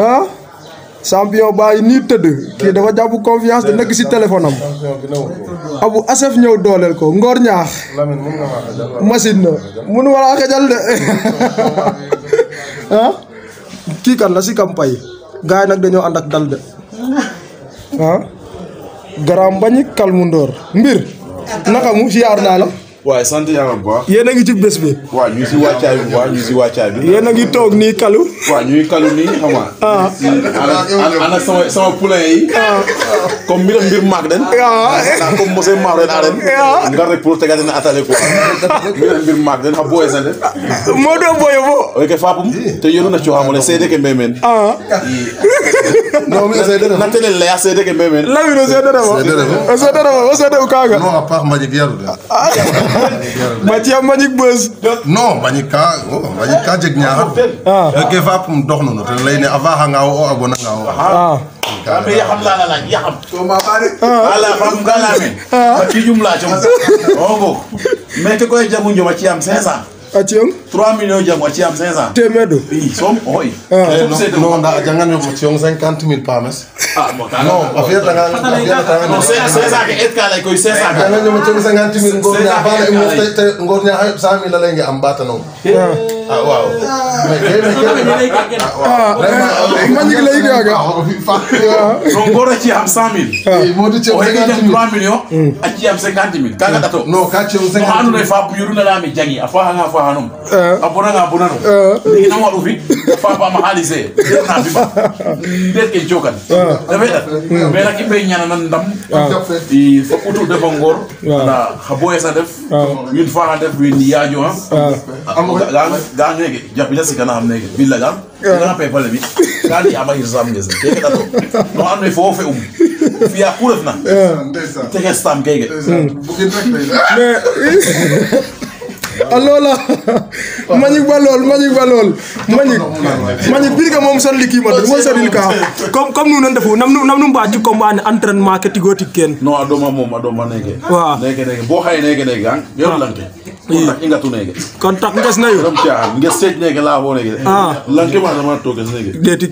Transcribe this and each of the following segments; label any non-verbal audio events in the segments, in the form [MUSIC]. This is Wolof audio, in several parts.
ah champion bàyyi de, tëdd kii dafa jàpp confiance da nekk si téléphone am abu asef ñëw dooleel ko ngor ñaax machine na mun wala xajal de [LAUGHS] ah kii kan la si campagne gars nak nag dañoo dal de ah garaam bañi kalmu mbir naka mu siyaar naa la waaye sant yàlla bu baax. yéen ngi ci bés bi. waaw ñu si wàccaay bi bi. yéen a ngi toog nii kalu. waaw ñuy kalu nii xam nga. ah ana ana sama sama poulain yi. Ah. comme mbiram mbir maak den. Ah. ah comme monsieur Maodo ren aren. ah nga rek pour tegaat na atale quoi. mbiram mbir maak den xam booyee sante. Ah, moo doon booyee boo. ok a na cooxaam ke mbéymeen. ah. na natele leya seede ke mbéymeen. lawino seede na seede na ma seede na Matia Mbagnick Beuz. non Mbagnick ka oh, Mbagnick ka jeg ñaxar ah. ke fap um dox nono ten leyne a faxanga wo o a gonanga wo ah. ah. Kami yaham la la yaham. So ma bari. Ala fam gala men. Ba ki jumla jom. Ogo. Mete koy jamu ñoma ci am 500. 3 millions ja mo 500. Temedo. Oui, som oi. Ah, non, non, da jangan mo chiong 50 Ah, mo No, afia ta afia ta No, se se sa ke et kala ko se sa. Jangan mo chiong 50 ngor nya ngor nya eh. Ah, wow. Me ke me ke. Ah, ah, ah eh, man ngi lay gaga. No ah, ngor ci am 100 mil. mo 3 millions. Hmm. Achi am Kaga dato. No, ka chiong 50 mil. ne jangi. Afa hanum eh. a bonanga a bonanum eh. ndiki nam waɗu fi fafaam a xaalise na fima ndeet ke cokan refe ɗat mais nak i ɓe ñananan ndam i fo utu defa ngoor ah. nda xa boyes a ndef wiin ah. faax a ndef wiin yaajo a ah. ga ngege japida sikana xam neke billa gaam nga pepale mi ga ndi eh. ama xirsam ngesen keke ɗato no ando naye fo fe um fiya ku refna teke stam keke mais hmm. [LAUGHS] a ah, loola mañik ba lool mañik ba lool mañik mañik birga moom solli kiimatu mo solil ka comme comme nu nan ndefu nam nu mbaati combat ne entraînement ke tigo tig ken non a ɗoma moom a ɗoma neke waaw neke neke bo xaye neke neke an ah, yo lante kontak inga tu nege kontak nges na rom chahan nges sej nege la bo nege ah lanke ma to ges nege deti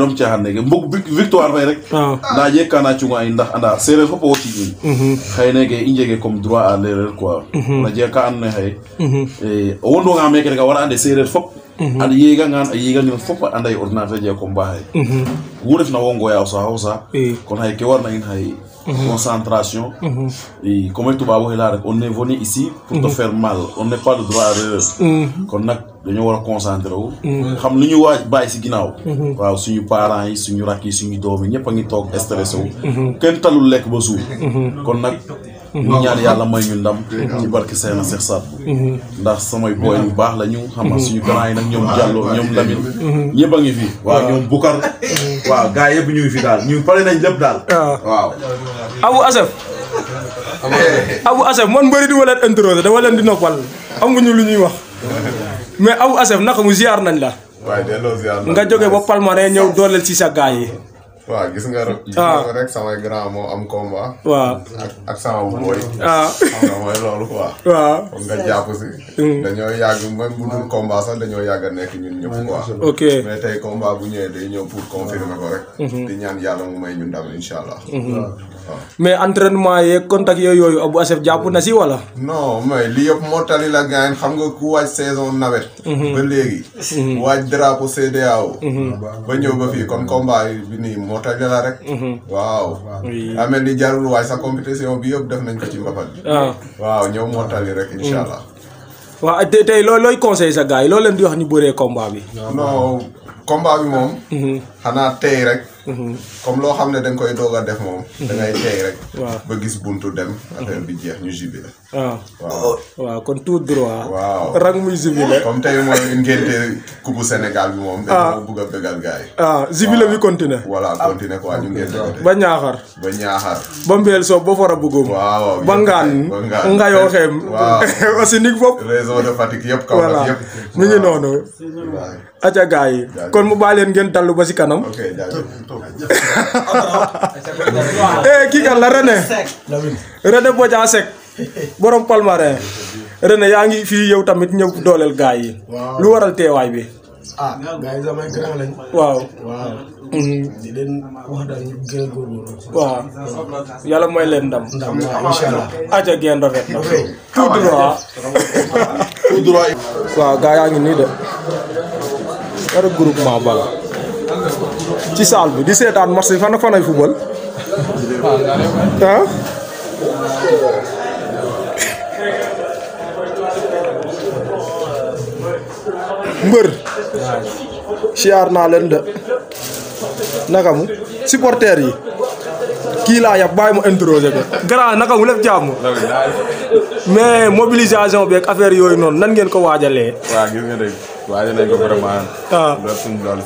rom chahan nege mbok victoire fay rek ah. na je kana chunga inda anda sere fo po ci ni mhm. xey nege comme droit à l'erreur quoi na mhm. je ka an ne hay mhm. e eh, wondo meke rek wara ande sere fop Mhm. aɗa yiiga ngan a yiiga ngel fof aɗa anday ordinateur je ko mba hay wu refna wo ngoya o saha o saha kono hay ke warna in hay concentration i comme tubabo rek on est venu ici pour te mhm. faire mal on n'est pas le droit à kon nag dañoo war a concentré xam lu ñu waaj bàyyi si ginnaaw waaw suñu parents yi suñu rakk yi suñu doom yi a ngi toog stressé wu mhm. kenn talul lekk ba suuf kon nag ñu ñaan yàlla may ñu ndam ci barke Seyna Cheikh Sall mhm. ndax samay booy ñu baax la ñu xamal mhm. suñu grand yi nag ñoom Diallo ñoom Lamine mhm. ñëpp a ngi fi waaw ñoom Bukar waaw gars yëpp ñu fi daal ñu pare nañ lépp daal ah. waaw Abou Assef Abou Assef man mbëri di waleen introsé leen di noppal amuñu lu ñuy wax mais Abou Assef naka mu ziar nañ la nga jógee ba Palmarin ñëw dooleel ci sa gars yi waaw gis nga ah. rek samay grand moo am combat. waaw ak sama booy. ah xam nga mooy loolu quoi. waaw kon nga jàpp si. Mm. dañoo yàgg même bu dul combat sax dañoo yàgg nekk ñun ñëpp quoi. ok mais tey combat bu ñëwee day ñëw pour confirmer ko rek. Mm-hmm. di ñaan yàlla mu may ñu ndam incha mais entraînement yeeg contact yooyu yooyu Abou Assef jàpp na si wala. non mais li yëpp moo la gaañ xam nga ku waaj saison nawet. Mhm. ba léegi. Mhm. waaj drapeau CEDEAO. Mhm. Ah, ba ñëw ba fii kon combat bi nii moo tali la rek. waaw. amee li jarul waaj sa compétition bi yëpp def nañ ko ci mbapat bi. Ah. waaw ñëw moo tali rek incha allah. waaw tey tey loo looy conseil sa gars yi leen di wax ñu bëree combat bi. non combat bi moom. xanaa tey rek. comme loo xam ne da koy doog a def moom. Mhm. da tey rek. waaw ba gis buntu dem. affaire bi jeex ñu jubile. waaw waaw kon tout droit. waaw rang muy jubile. comme tey mooy ngénte coupe Sénégal bi moom. Ah. a bëggal gars ah, bi continué. voilà ah. continué ko ba ñaaxar. ba ñaaxar. ba mbeel ba fara bëggum. waaw ba ngaan ba ngaan ngayoo xem. [LAUGHS] aussi nig bopp. réseau de Fatick yëpp kaw yëpp. voilà mi ngi noonu. Aja gaay kon mu bàyyi ngeen dalu ba ci kanam [LAUGHS] eh ki ka la René René ja sek. borom palmaré René yaangi fi yow tamit ñew dolel gaay yi lu waral way bi ah gaa yi grand lañ waaw di leen wax daal ñu gën regroupement bala ci saal bi di seetaan match yi fan fanay football mbër siyaar naa leen de naka mu supporter yi kii laa yab bàyyi mu introsé ko grand naka mu lef jàmm mais mobilisation bi ak affaire yooyu noonu nan ngeen ko waajalee waaw gis nga waaye nañ ko vraiment. waaw ah. loolu suñu loolu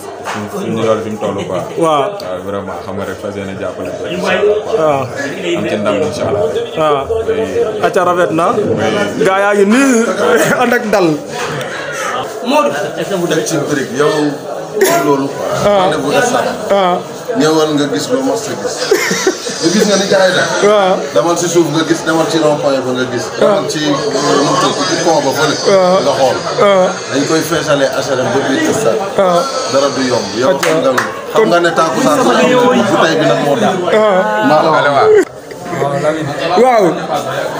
suñu loolu fi mu vraiment xam nga rek fas yéene jàppale ko acca ah. ah. rafet na. gaa yaa ngi [LAUGHS] ak dal. Modou. teg [LAUGHS] ñu gis nga ni jaay da waaw demal si suuf nga gis demal ci rond-point ba nga gis demal ci euh, numtu ci pont ba fële nga xool dañ koy feesalee HLM ba biir kër sa dara du yomb yow xam nga ne tàkkusaan bu tey bi nag moo daal maa la wax waaw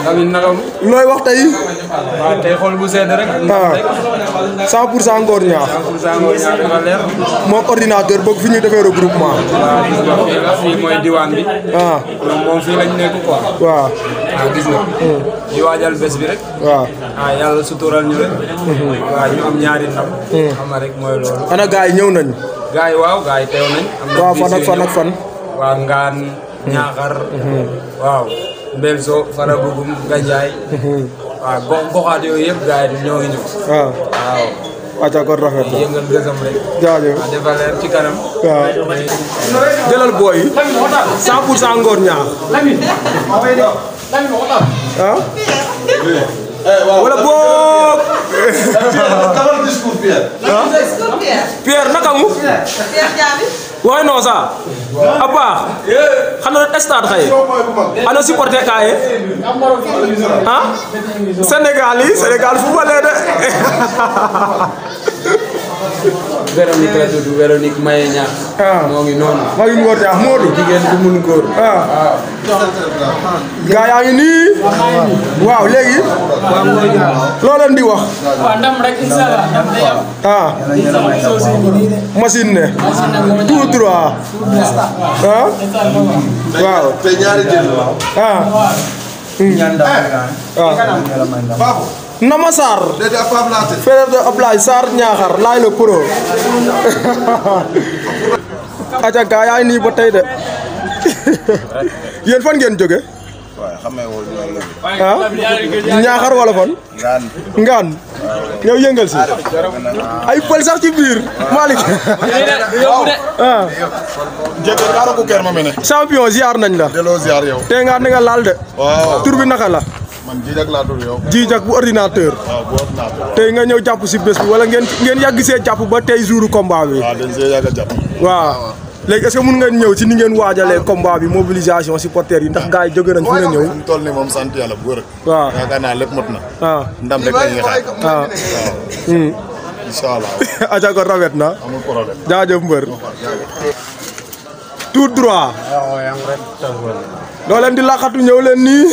Lamine naka looy wax tey waaw tey xool bu sedd rek cent pour cent Ngor Niakh ordinateur boog fi ñuy regroupement fii mooy diwaan bi ah moom fii lañ nekk quoi waaw waaw gis nga ñu waajal hmm. bés bi rek waaw ah yàlla sutural ñu rek hmm. waaw ñu am ñaari ndam xam hmm. na rek mooy loolu ana wow, yi ñëw nañ gars yi waaw gars yi nañ waaw fan fan ak fan waaw ngaan ñaaxar waaw Mbelso Farabugum Gandiaye waaw gox goxaat yooyu yëpp gars yi ñoo ngi ñëw waaw waaw acca kon rafet na yëngal gësam rek. jaajëf waaw defal leen ci kanam. waaw. jëlal booy yi. 100 pour 100 ngóor ñaar. ah. Eh, wala boobu. Eh, [LAUGHS] ah? Pierre. Pierre naka mu. Pierre Diaby. waaye non ça a baax xana stade xaye xana supporter ka ye a Sénégal yi Sénégal de [LAUGHS] Véronique la tudd Véronique Maye Niass. Ah. ngi noonu. moo ngi góor ñaax moo di jigéen bu mun góor. waaw ngi waaw di wax. ndam rek ndam day am. ah. machine ne. tout droit. ah. waaw. te ñaari jël. ah. ñaan Nama sar frère de Ablaye sar Niakhar laay la pro. aca gaa yaay nii ba tey de yéen fan ngeen jóge. ah Niakhar wala fan. ngan ñëw yëngal si. ay pël sax ci biir Malick. ah. Jadi kaara ku kerma ma mene. champion ziar nañ la. delloo ziar yow. tey ngaa nga de. bi naka la man jiijak bu ordinateur. waaw ordinateur. nga ñëw jàpp si bés bi wala ngeen ngeen yàgg see jàpp ba tey jouru combat bi. waaw dañ est ce que mun ngeen ñëw ni ngeen waajalee combat bi mobilisation supporters yi ndax nañ bu wër. ndam rek hmm. Hmm. [LAUGHS] ko na. amul problème tout droit. Ah, doo di laqatu ñëw leen nii.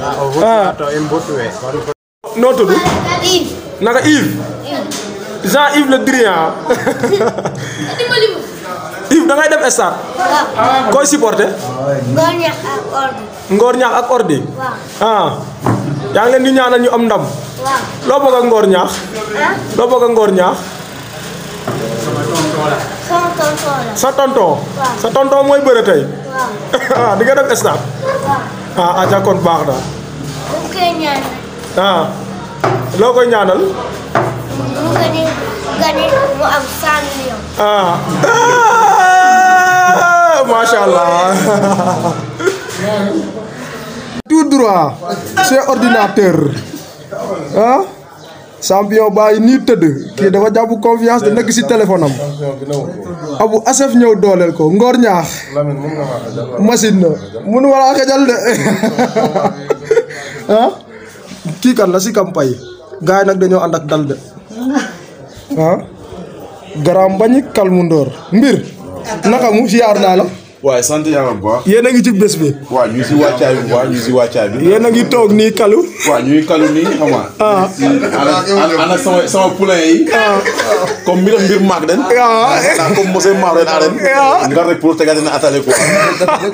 Ah. Ah. noo tudd. naka Yves. Jean Yves Le Drian. [LAUGHS] Yves da ngay def stade. koy supporter. Ngor ñax ak ordi. Ah. yaa ngi leen di ñaanal ñu am ndam. loo bëgg Ngor ñaax. loo bëgg Ngor ñaax. sa tonton sa tonton moy beure tay [LAUGHS] ah di nga dem stade ah, ah ja kon baax na ah koy ñaanal ah, mu am ah [LAUGHS] macha allah tout droit c'est ordinateur ah champion bàyyi nii tëdd kii dafa jàpp confiance da nekk si téléphone abu asef ñëw dooleel ko ngoor ñaax machine na mun walaa xejal de [LAUGHS] ah kii kan la si campagne gars yi nag dañoo ànd ak dal de ah garaam bañi kalmu ndóor mbir naka mu siyaar naa waaye sant yàlla bu baax. yéen a ngi ci bés bi. waaw ñu si wàccaay bi waaw ñu si wàccaay bi. yéen a ngi toog nii kalu. waaw ñuy kalu nii xam nga. ah ana ana sama sama poulain yi. Ah. comme mbir mbir maak den. Ah. ah comme monsieur Maodo yi aren ren. Ah. nga rek pour tegaat na atale quoi.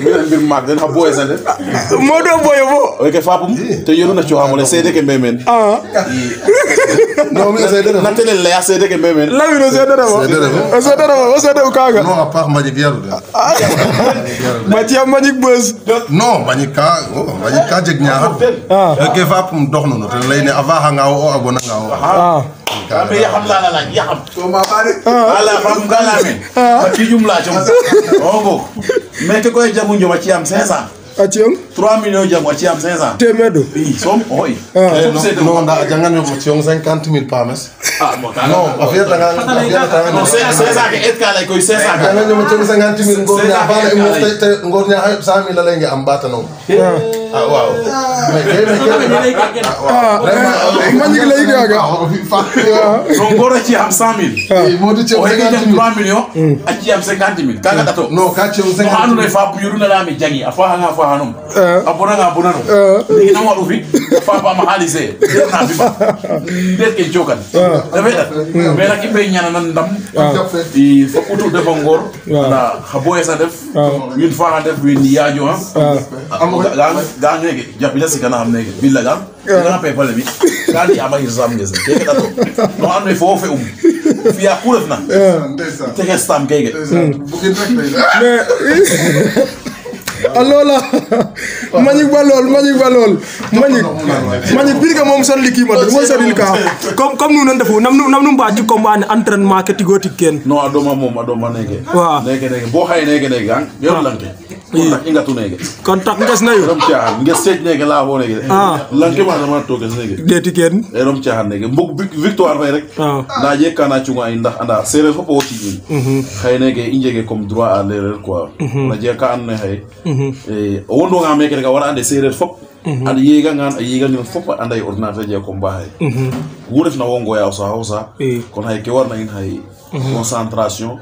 mbir mbir maak den xam booyee sante. moo doon booyee bo. ok Fapum te yéen a na cooxamoo ne seede ke mbéymeen. ah. non mais seede na télé la yaa seede ke mbéymeen. lawino seede na ma seede na ma seede na ma seede na ma. non à part Madi Diallo de. [LAUGHS] Matia Mbagnick Beuz. non Mbagnick ka oh, Mbagnick ka jeg ñaar. Ah. ke fap um dox nono ten leyne a faaxanga wo o ah. a ah. bonanga wo kaaɓe yaxam lana laaj yaxam ala fagum ka leyame a kijum laacom o ngog meke koy jangu njoma ciyam 500 a ciyong 3 millions jam a ciyam 500 temedo i som oy non nda a jangan yo ciyong 50 mille pames ah bon non a fiya a fiya tanga non 500 ke eh, et ka lay koy 500 jangan yo lay mo te ngor nya lay ngi am bata no eh. ah. ah, ah, eh, lay gaga a oh, mm. a fa hanum abona nga abona no ndiki na waɗu fi fa pa ma haalise na fima ndet ke jokan refe ɗat mais nak i ɓe ñananan ndam i fo utu defa ngoor nda xa boye sa def wiin fa xa def wiin yaajo ha ga ngege japina sikana xam nege billa gam ngana pepale mi ga ndi ama hirsam ngesen keke ɗato no ando naye fo fe um fiya ku refna teke stam keke mais a ah, loola Mbagnick Ba lool Mbagnick Ba lool Mbagnick Mbagnick birga moom solli kiimatu moom solil ka comme comme nu nan ndefu nam nu mba ci combat ne entraînement tigoo tig ken non a ɗoma moom a ɗoma neeke waaw neeke neeke bo xaye neeke neeke ah, an yo kontak i ngatunege kontak nges nayu rom caxan nges seej neke leyamo neke ah. lang ke maana to ges neke ɗeeti keen victoire fay rek ah. nda jeg kana cunga in ndax anda sereer fop owo ci'in mhm. xaye neke i njege comme droit à l'erreur quoi na mhm. jeg ka and xaye mhm. eh, o wondwanga meke rek a wara ande sereer fop Mhm. And yeega ngan a yeeganin fof a anda mhm. e ordinateur je ko mba hay ngu refna wo ngoya o saha o saha kono hay ke in hay mhm. concentration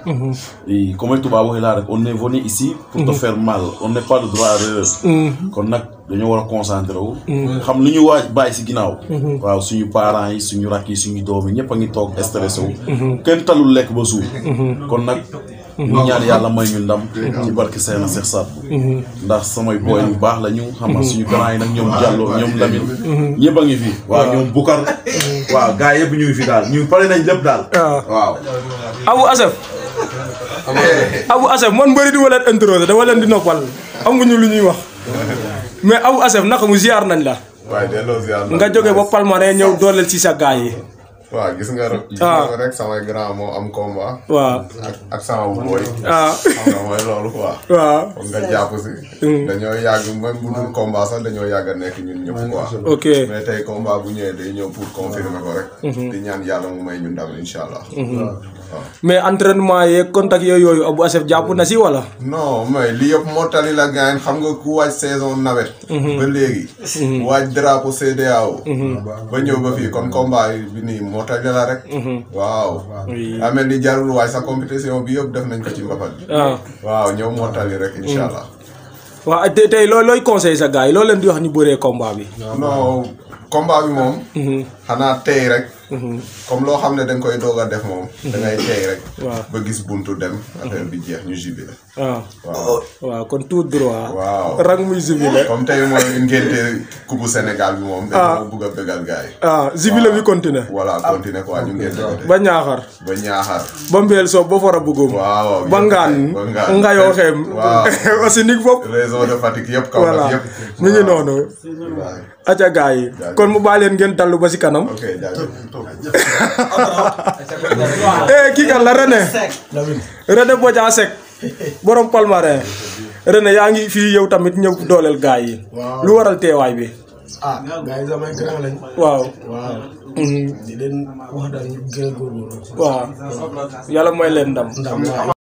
i comme tubabo hela rek on est venu ici pour te faire mal on n'est pas le droit à kon nag dañoo war concentré wu xam lu ñu waaj bàyyi si waaw suñu parents yi suñu rak yi suñu doom yi ñëpp a ngi toog stressé ba kon nag ñu ñaan yàlla may ñu ndam ci barke Seyna Cheikh Sall ndax samay booy ñu baax la ñu xamal suñu grand yi nag ñoom Diallo ñoom Lamine ñëpp a ngi fi waaw ñoom Bukar waaw gars yëpp ñu fi daal ñu pare nañ lépp daal waaw Abou Assef Abou Assef man mbëri di ma leen introduire dama leen di noppal amuñu lu ñuy wax mais Abou Assef naka mu ziar nañ la nga jógee ba Palmarin ñëw dooleel si sa gaa yi waa gis nga ah. rek samay grand moo am combat. waaw ak sama booy. ah xam nga mooy loolu quoi. waaw kon nga jàpp si. Mm. dañoo yàgg même bu dul combat sax dañoo yàgg a nekk ñun ñëpp quoi. ok mais tey combat bu ñëwee day ñëw pour confirmer ko rek. Mm-hmm. di ñaan yàlla mu ñu ndam mm-hmm. mais entraînement yeeg contact yooyu yooyu Abou Assef jàpp na si wala. non mais li yëpp moo tali la gaañ xam nga ku waaj saison nawet. Mm-hmm. ba léegi. waaj drapeau CEDEAO. ba ñëw ba fii kon combat bi nii mortel de la rek. Mhm. waaw. amel ni jaarul waaye sa compétition bi yëpp def nañ ko ci mbapat bi. Ah. waaw ñëw mortel rek mm. incha allah. waaw te tey loo looy conseil sa gars yi di wax ñu bëree combat bi. non combat bi moom. Mhm. xanaa tey rek. comme loo xam ne da koy doog a def moom. Mhm. da tey rek. waaw ba gis buntu dem. affaire bi jeex ñu jubile. waaw waaw kon tout droit. waaw rang muy jubile. comme bi moom. Ah. a bëggal ah, bi continué. voilà continué ko ba ñaaxar. ba ñaaxar. ba mbeel soob ba fara bëggum. waaw ba ngaan ba ngaan ngayoo xem. waaw [LAUGHS] aussi nig réseau de Fatick yëpp kaw na yëpp. voilà ngi noonu. acca gars yi kon mu bàyyi leen ngeen dallu ba si kanam. [LAUGHS] eh kii kan la René René Bodian Seck borom palmarin René yaa ngi fi yow tamit ñëw dooleel gaay yi lu waral teewaay bi ah gars yi waaw. waaw. Mm-hmm. di leen ndam.